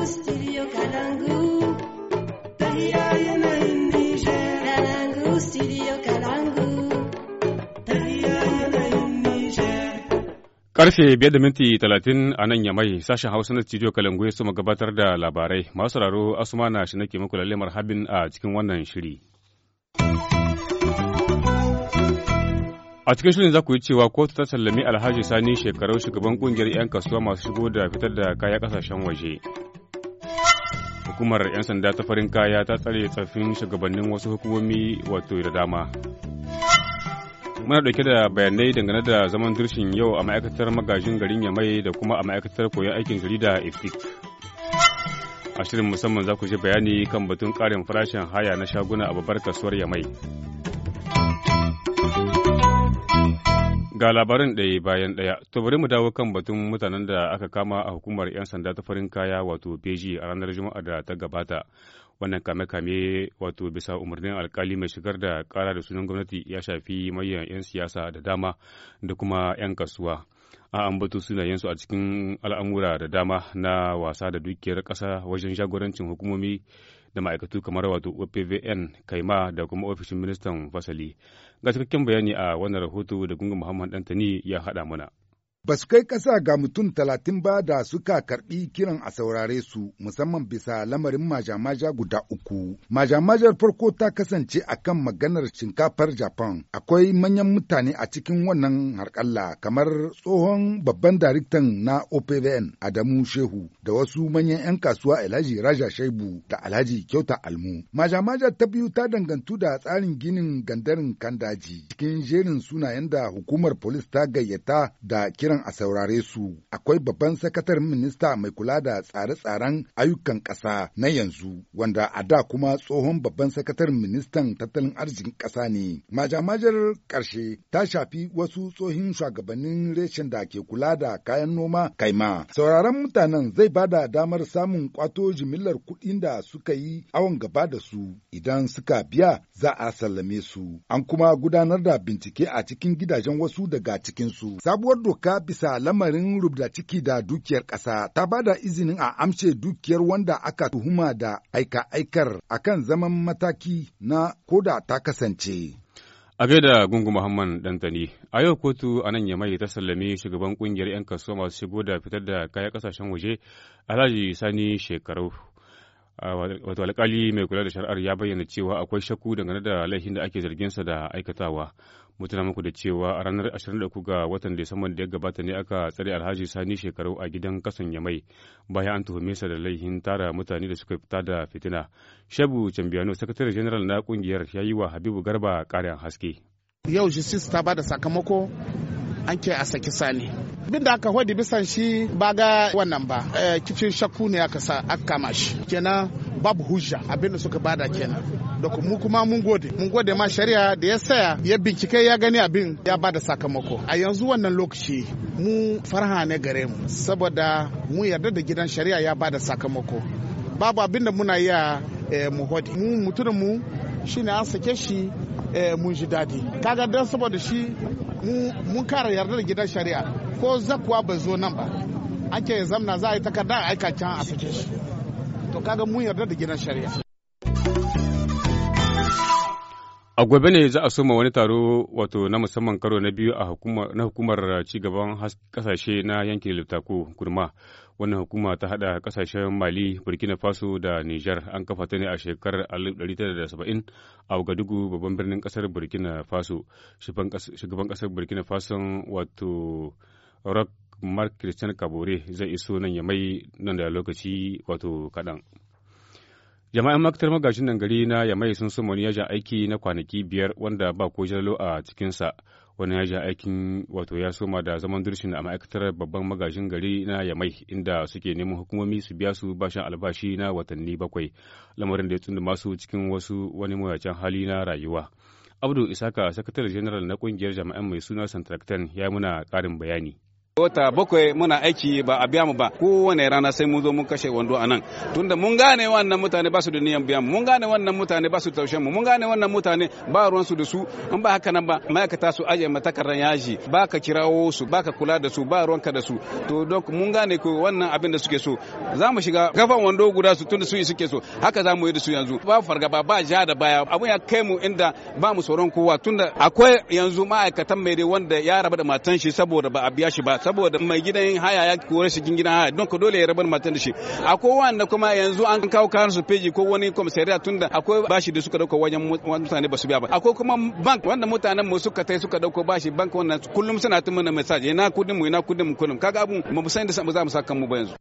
Karfe biyar da minti talatin a nan ya yamai sashen Hausa na Studio Kalangu ya suma gabatar da labarai. Masu sauraro Asuma na shi nake muku lalle marhabin a cikin wannan shiri. a cikin shirin za ku yi cewa kotu ta sallami alhaji sani shekarau shugaban kungiyar 'yan kasuwa masu shigo da fitar da kaya kasashen waje hukumar 'yan sanda ta farin kaya ta tsare tsaffin shugabannin wasu hukumomi wato da dama muna dauke da bayanai dangane da zaman dirshin yau a ma'aikatar magajin garin yamai da kuma a ma'aikatar koyon aikin jarida efik a shirin musamman za ku ji bayani kan batun karin farashin haya na shaguna a babbar kasuwar yamai Ga labarin ɗaya bayan ɗaya, to bari mu dawo kan batun mutanen da aka kama a hukumar 'yan sanda ta farin kaya wato beji a ranar Juma'a da ta gabata. Wannan kame-kame wato bisa umarnin alkali mai shigar da kara da sunan gwamnati ya shafi mayan 'yan siyasa da dama da kuma 'yan kasuwa. A ambato sunayensu a cikin al'amura da dama na wasa da dukiyar kasa wajen jagorancin hukumomi da ma'aikatu kamar wato OPVN, Kaima da kuma ofishin ministan fasali. Ga cikakken bayani a wannan rahoto da Gungun Muhammad Dantani ya haɗa mana. ba su kai ƙasa ga mutum talatin ba da suka karɓi kiran a saurare su musamman bisa lamarin majamaja guda uku. Majamajar farko ta kasance a kan maganar shinkafar Japan. Akwai manyan mutane a cikin wannan harƙalla kamar tsohon babban daraktan na OPVN Adamu Shehu da wasu manyan 'yan kasuwa Alhaji Raja Shaibu da Alhaji Kyauta Almu. Majamajar ta biyu ta dangantu da tsarin ginin gandarin Kandaji cikin jerin sunayen da hukumar polis ta gayyata da kiran jiran a saurare su. Akwai babban sakatar minista mai kula da tsare-tsaren ayyukan ƙasa na yanzu, wanda a da kuma tsohon babban sakatar ministan tattalin arzikin ƙasa ne. Majamajar karshe ta shafi wasu tsohin shugabannin reshen da ke kula da kayan noma kaima. Sauraron mutanen zai bada damar samun kwato jimillar kuɗin da suka yi awon gaba da su idan suka biya za a sallame su. An kuma gudanar da bincike a cikin gidajen wasu daga cikinsu. Sabuwar doka bisa lamarin rubda ciki da dukiyar ƙasa ta ba da izinin a amse dukiyar wanda aka tuhuma da aika-aikar akan zaman mataki na koda ta kasance. A gaida gungu Muhammad Dantani, a yau kotu a nan ya mai ta sallame shugaban kungiyar 'yan kasuwa masu shigo da fitar da kaya kasashen waje Alhaji Sani shekaru. Wato alkali mai kula da shari'ar ya bayyana cewa akwai shakku dangane da laifin da ake zarginsa da aikatawa. mu muku da cewa a ranar 23 ga watan Disamban da ya gabata ne aka tsare Alhaji Sani shekaru a gidan kasan Yamai bayan an tuhume sa da laihin tara mutane da suka fita da fitina. Shabu Cambiano, sakatare general na kungiyar ya yi wa Habibu Garba ƙarin haske. Yau Justice ta ba da sakamako an ke a saki sani bin da aka hwadi bisan shi ba ga wannan ba eh, kicin shakku ne aka kama shi kenan babu hujja abinda suka bada kenan da mu kuma mun gode mun gode ma shari'a da ya saya ya bincike ya gani abin ya bada sakamako a yanzu wannan lokaci mu farha ne gare mu saboda mu yarda da gidan shari'a ya bada sakamako babu abinda muna iya eh, mu hodi mu mutumin mu shine an sake shi eh, mun ji dadi kaga dan saboda shi mun kara yarda da gidan shari'a ko zakuwa bai zo nan ba ake zamna za a yi takarda a aika can a sake shi to kaga mun yarda da gidan shari'a a gobe ne za a soma wani taro wato na musamman karo na biyu a na hukumar cigaban kasashe na yankin littako kurma wannan hukuma ta hada kasashen mali burkina faso da niger an kafa ta ne a shekarar 1970 a wagadugu babban birnin kasar burkina faso shugaban kasar burkina faso wato rock Mark Christian Kabore zai iso nan ya mai nan da lokaci wato kaɗan. Jama'an makatar magashin nan gari na ya mai sun suma wani yajin aiki na kwanaki biyar wanda ba ko jalo a cikinsa. Wani yajin aikin wato ya soma da zaman durshin a ma'aikatar babban magajin gari na Yamai inda suke neman hukumomi su biya su bashin albashi na watanni bakwai lamarin da ya tunda masu cikin wasu wani mawuyacin hali na rayuwa. Abdu Isaka, sakatare general na kungiyar jama'an mai suna Santrakten ya muna karin bayani. wata bakwai muna aiki ba a biya mu ba kowane rana sai mun zo mun kashe wando a nan tunda mun gane wannan mutane ba su da niyan biya mu mun gane wannan mutane ba su taushen mu mun gane wannan mutane ba ruwan su da su in ba haka nan ba ma'aikata su aje matakaran yaji ba ka kirawo su ba ka kula da su ba ka da su to don mun gane ko wannan abin da suke so za mu shiga kafan wando guda su tunda su suke so haka za mu yi da su yanzu ba fargaba ba ja da baya abun ya kai mu inda ba mu tsoron kowa tunda akwai yanzu ma'aikatan mai wanda ya rabu da matan shi saboda ba a biya shi ba saboda mai gidan haya ya kore shi gidan haya don ka dole ya rabar matan da shi akwai wanda kuma yanzu an kawo kayan su feji ko wani komisariya tunda akwai bashi da suka dauko wajen mutane ba su biya ba akwai kuma bank wanda mutanen mu suka tai suka dauko bashi bank wannan kullum suna tuma na message ina kudin mu ina kudin mu kullum kaga abun mu san da za mu saka mu ba yanzu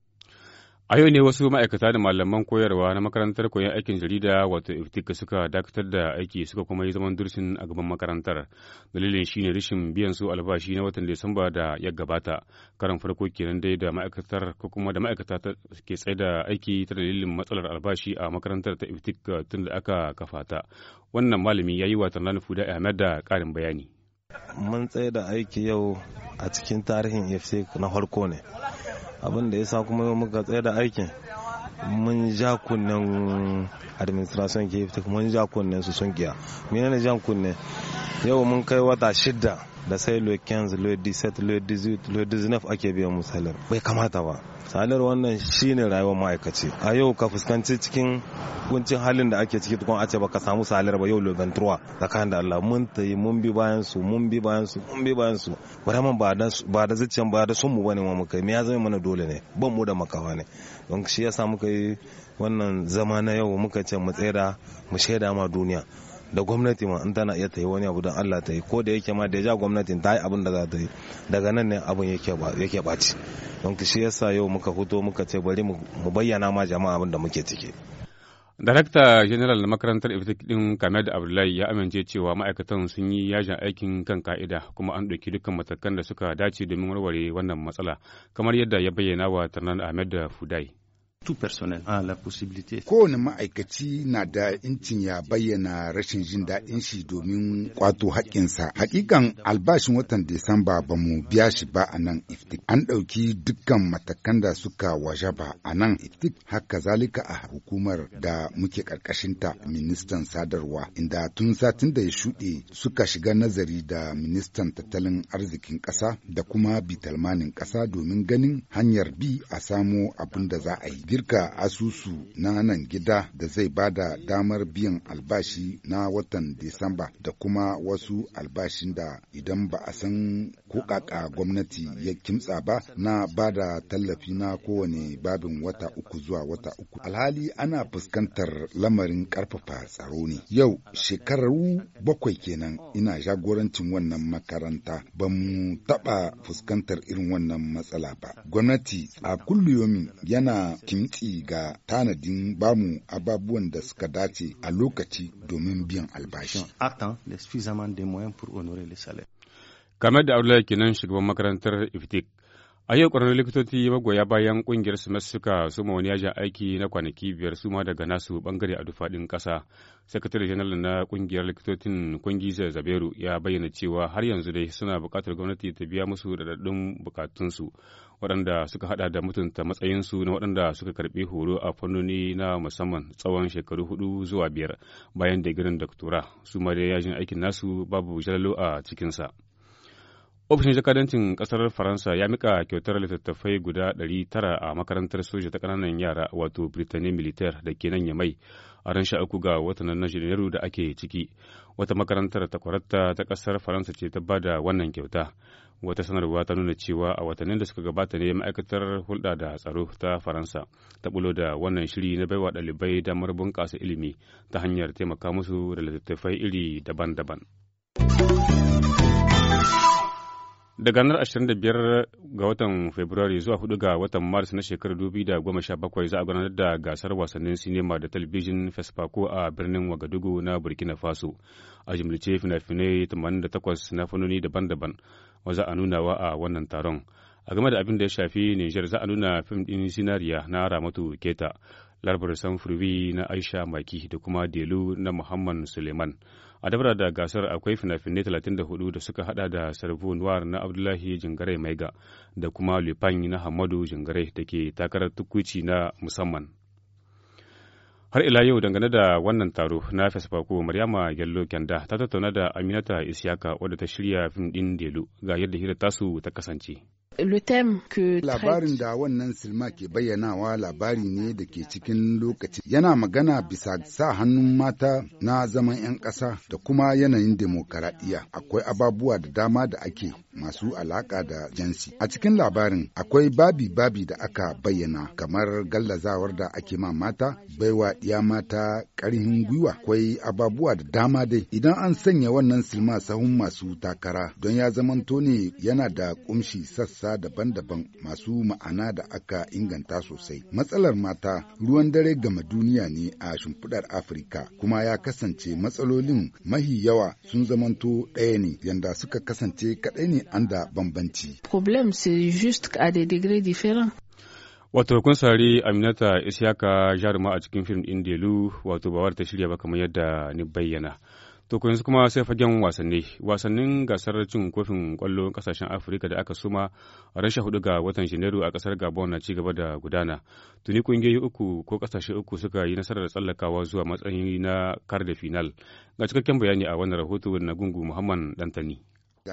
A yau ne wasu ma'aikata da malaman koyarwa na makarantar koyon aikin jarida wato iftika suka dakatar da aiki suka kuma yi zaman dursun a gaban makarantar. Dalilin shi rashin biyan su albashi na watan Disamba da ya gabata. Karan farko kenan dai da ma'aikatar ko kuma da ma'aikata ke tsaye da aiki ta dalilin matsalar albashi a makarantar ta iftika tun da aka kafa ta. Wannan malami ya yi wa Tanlan Fuda Ahmed da ƙarin bayani. Mun tsaye da aiki yau a cikin tarihin iftika na farko ne. abin da ya sa kuma muka tsaya da aikin mun ja kunnen administration ke mun ja kunnen su sun kiya menene jan kunne yau mun kai wata shidda da sai lo 15 lo 17 lo 18 lo 19 ake biyan mu bai kamata ba salar wannan shine rayuwar ma'aikaci a yau ka fuskanci cikin kuncin halin da ake ciki tukun a ce baka samu salar ba yau lo 23 tsakanin da Allah mun tayi mun bi bayan su mun bi bayan su mun bi bayan su ba da ba da zuciyan ba da sun mu bane mu kai me ya zama mana dole ne ban mu da makawa ne don shi yasa muka yi wannan zama na yau muka ce mu tsera mu shaida ma duniya da gwamnati ma in tana iya ta yi wani abu don Allah ta yi ko da yake ma da ja gwamnati ta yi abin da za ta yi daga nan ne abin yake baci don shi yasa yau muka fito muka ce bari mu bayyana ma jama'a abin da muke ciki Darakta General makarantar Ibtik din Kamed Abdullahi ya amince cewa ma'aikatan sun yi yajin aikin kan ka'ida kuma an ɗauki dukkan matakan da suka dace domin warware wannan matsala kamar yadda ya bayyana wa Tarnan Ahmed Fudai. Kowane ma'aikaci na da incin ya bayyana rashin jin daɗin shi domin kwato haƙƙinsa. Hakikan albashin watan Disamba ba mu biya shi ba a nan iftik. An ɗauki dukkan matakan da suka wajaba a nan iftik haka zalika a hukumar da muke ta ministan sadarwa inda tun satin da ya shuɗe suka shiga nazari da ministan tattalin arzikin ƙasa da kuma bitalmanin ƙasa domin ganin hanyar bi a samo abin da za a yi. girka asusu na nan gida da zai ba da damar biyan albashi na watan Disamba da kuma wasu albashin da idan ba a san kokaka gwamnati ya kimtsa ba na ba da tallafi na kowane babin wata uku zuwa wata uku. Alhali ana fuskantar lamarin karfafa tsaro ne. Yau shekaru bakwai kenan ina jagorancin wannan makaranta ba mu taɓa fuskantar irin wannan matsala ba. Gwamnati a yomi yana kim kimtsi ga tanadin bamu ababuwan da suka dace a lokaci domin biyan albashi. Kamar da Abdullahi kenan shugaban makarantar iftik A yau ƙwararrun likitoci magoya bayan ƙungiyar su suka suma wani yajin aiki na kwanaki biyar su ma daga nasu bangare a dufaɗin ƙasa. Sakatare janar na ƙungiyar likitocin Kungiza Zaberu ya bayyana cewa har yanzu dai suna buƙatar gwamnati ta biya musu raɗaɗɗun buƙatunsu waɗanda suka haɗa da mutunta matsayinsu na waɗanda suka karɓi horo a fannoni na musamman tsawon shekaru hudu zuwa biyar bayan digirin doktora. Su ma dai yajin aikin nasu babu jalalo a cikinsa. Ofishin jakadancin ƙasar Faransa ya mika kyautar littattafai guda 900 a makarantar soja ta kananan yara wato Britannia Militaire da ke nan Yamai a ran uku ga watan na Janairu da ake ciki. Wata makarantar takwarata ta ƙasar Faransa ce ta bada wannan kyauta. Wata sanarwa ta nuna cewa a watannin da suka gabata ne ma'aikatar hulɗa da tsaro ta Faransa ta bulo da wannan shiri na baiwa ɗalibai damar bunƙasa ilimi ta hanyar taimaka musu da littattafai iri daban-daban. Daga ranar 25 ga watan Fabrairu zuwa 4 ga watan Maris na shekarar 2017 za a gudanar da gasar wasannin sinima da talabijin Fesfako a birnin Wagadugu na Burkina Faso. A jimlice fina-finai 88 na fannoni daban-daban za a nunawa a wannan taron. A game da abin da ya shafi Nijar za a nuna fim ɗin sinariya na Ramatu Keta, Larabar samfurwi na Aisha Maki da kuma Delu na Muhammad Suleiman. a dabara da gasar akwai fina-finai 34 da suka hada da sarvo noir na abdullahi jingare maiga da kuma lupin na hamadu jingare da ke takarar tukuci na musamman har ila yau dangane da wannan taro na fesfako maryama yallo kyanda ta tattauna da aminata isyaka wadda ta shirya fim din delu ga yadda hira tasu ta kasance Labarin da wannan silma ke bayyanawa labari ne da ke cikin lokaci yana magana bisa sa hannun mata na zaman 'yan ƙasa da kuma yanayin demokaradiyya. Akwai ababuwa da dama da ake masu alaƙa da jinsi. A cikin labarin akwai babi-babi da aka bayyana kamar gallazawar da ake ma mata, baiwa ɗiya mata karihin gwiwa. Akwai ababuwa da dama dai. Idan an sanya wannan silma sahun masu takara don ya zamanto ne yana da ƙumshi sassa mata daban-daban masu ma'ana da aka inganta sosai. Matsalar mata ruwan dare gama duniya ne a shimfiɗar Afirka kuma ya kasance matsalolin mahi yawa sun zamanto ɗaya ne yanda suka kasance kaɗai ne an da bambanci. Problem c'est juste à des Wato kun sari Aminata Isiyaka jaruma a cikin fim ɗin Delu wato bawar ta shirya ba kamar yadda ni bayyana. To yanzu kuma sai fagen wasanni. Wasannin gasar cin kofin kwallo kasashen Afirka da aka suma a rasha hudu ga watan Janairu a kasar Gabon na ci gaba da gudana. Tuni kungiyoyi uku ko kasashe uku suka yi nasarar tsallakawa zuwa matsayin na kar da final. Ga cikakken bayani a wannan rahoto na gungu Muhammad Dantani.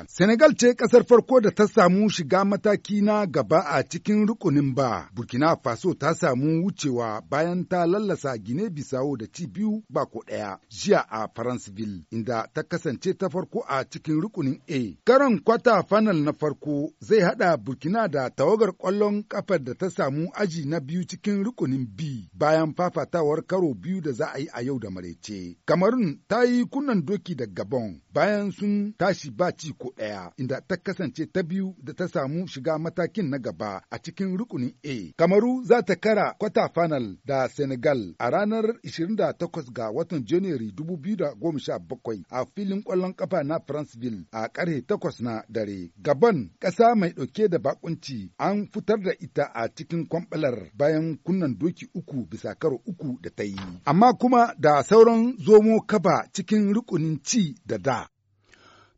Senegal ce ƙasar farko da ta samu shiga mataki na gaba a cikin rukunin ba. Burkina Faso ta samu wucewa bayan ta lallasa Gine Bisawo da ci biyu ba ko ɗaya jiya a Franceville inda ta kasance ta farko a cikin rukunin A. Karan kwata fanal na farko zai haɗa Burkina da tawagar ƙwallon ƙafar da ta samu aji na biyu cikin rukunin B bayan fafatawar karo biyu da za a yi a yau da maraice. Kamarun ta yi kunnan doki da Gabon bayan sun tashi ba ci ko ɗaya inda ta kasance ta biyu da ta samu shiga matakin na gaba a cikin rukunin A. Kamaru za ta kara kwata final da Senegal a ranar 28 ga watan Janairu 2017 a filin ƙwallon kafa na Franceville a ƙarhe 8 na dare. Gabon ƙasa mai ɗauke da bakunci an fitar da ita a cikin kwambalar bayan kunnan doki uku bisa karo uku da ta yi. Amma kuma da sauran zomo kaba cikin rukunin ci da da.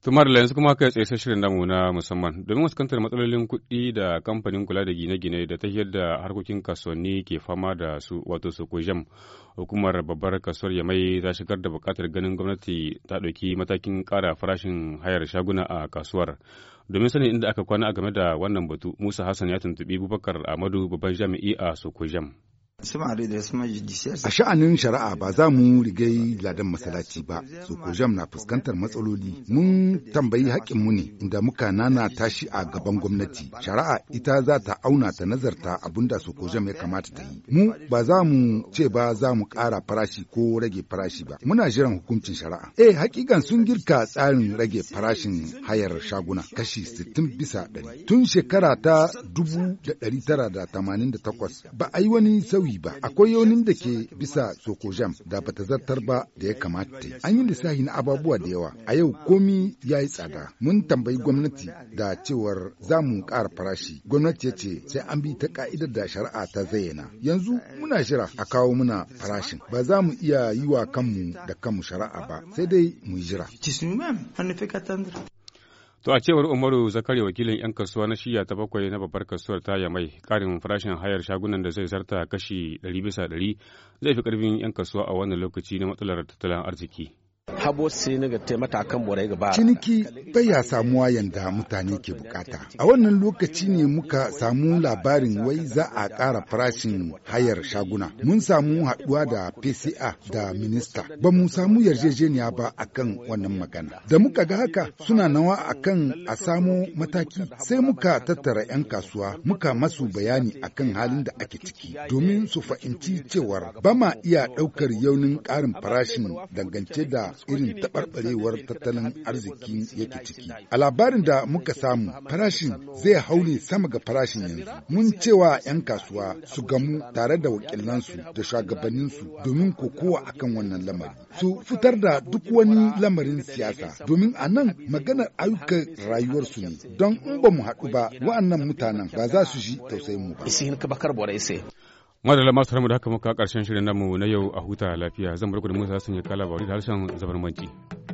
tumar da yanzu kuma kai tsaye shirin namu na musamman domin fuskantar matsalolin kuɗi da kamfanin kula da gine-gine da ta yadda harkokin kasuwanni ke fama da su wato su kujam hukumar babbar kasuwar ya mai za shigar da buƙatar ganin gwamnati ta ɗauki matakin ƙara farashin hayar shaguna a kasuwar domin sanin inda aka kwana a game da wannan batu musa hassan ya tuntuɓi bubakar amadu babban jami'i a sokojam. A sha'anin shari'a ba za mu rigai ladan masalaci ba, Sokojam na fuskantar matsaloli. Mun tambayi mu ne Inda muka nana tashi a gaban gwamnati. Shari'a ita za ta auna ta nazarta abin da Sokojam ya kamata ta yi. Mu ba za mu ce ba za mu ƙara farashi ko rage farashi ba. Muna jiran hukuncin shari'a. Eh, hakikan sun girka tsarin rage farashin hayar shaguna kashi 60 bisa 100. Tun shekara ta da 1988 ba a yi wani sauyi ba akwai yaunin da ke bisa sokojam da bata zartar ba da ya kamata an yi lissafi na ababuwa da yawa a yau komi ya yi tsada mun tambayi gwamnati da cewar za mu ƙara farashi gwamnati ya ce sai an bi ta ka'idar da shari'a ta zayyana yanzu muna shira a kawo muna farashin ba za mu iya yi wa kanmu da kanmu shari'a ba sai dai mu jira To a cewar Umaru Zakari wakilin 'yan kasuwa na shiya ta bakwai na babbar kasuwar ta mai karin farashin hayar shagunan da zai zarta kashi 100 bisa zai fi karfin 'yan kasuwa a wannan lokaci na matsalar tattalin arziki. habo sai ga taimata kan borai gaba ciniki bai ya samuwa yanda mutane ke bukata a wannan lokaci ne muka samu labarin wai za a ƙara farashin hayar shaguna mun samu haɗuwa da pca da minista ba mu samu yarjejeniya ba akan wannan magana da muka ga haka suna nawa akan a samo mataki sai muka tattara 'yan kasuwa muka masu bayani akan halin da ake ciki domin su fahimci cewar ba ma iya ɗaukar yaunin ƙarin farashin dangance da irin taɓarɓarewar tattalin arziki yake ciki. A labarin da muka samu farashin zai hau ne sama ga farashin yanzu. Mun cewa 'yan kasuwa su gamu tare da wakilansu da shugabanninsu domin kokowa akan wannan lamari. Su fitar da duk wani lamarin siyasa domin a nan maganar ayyukan rayuwarsu ne. Don in ba mu haɗu ba wa'annan mutanen ba za su ji tausayin mu ba. madalla masu haramu da haka muka karshen shirin namu na yau a huta lafiya zan bar da musa sun yi da harshen zabarmanci.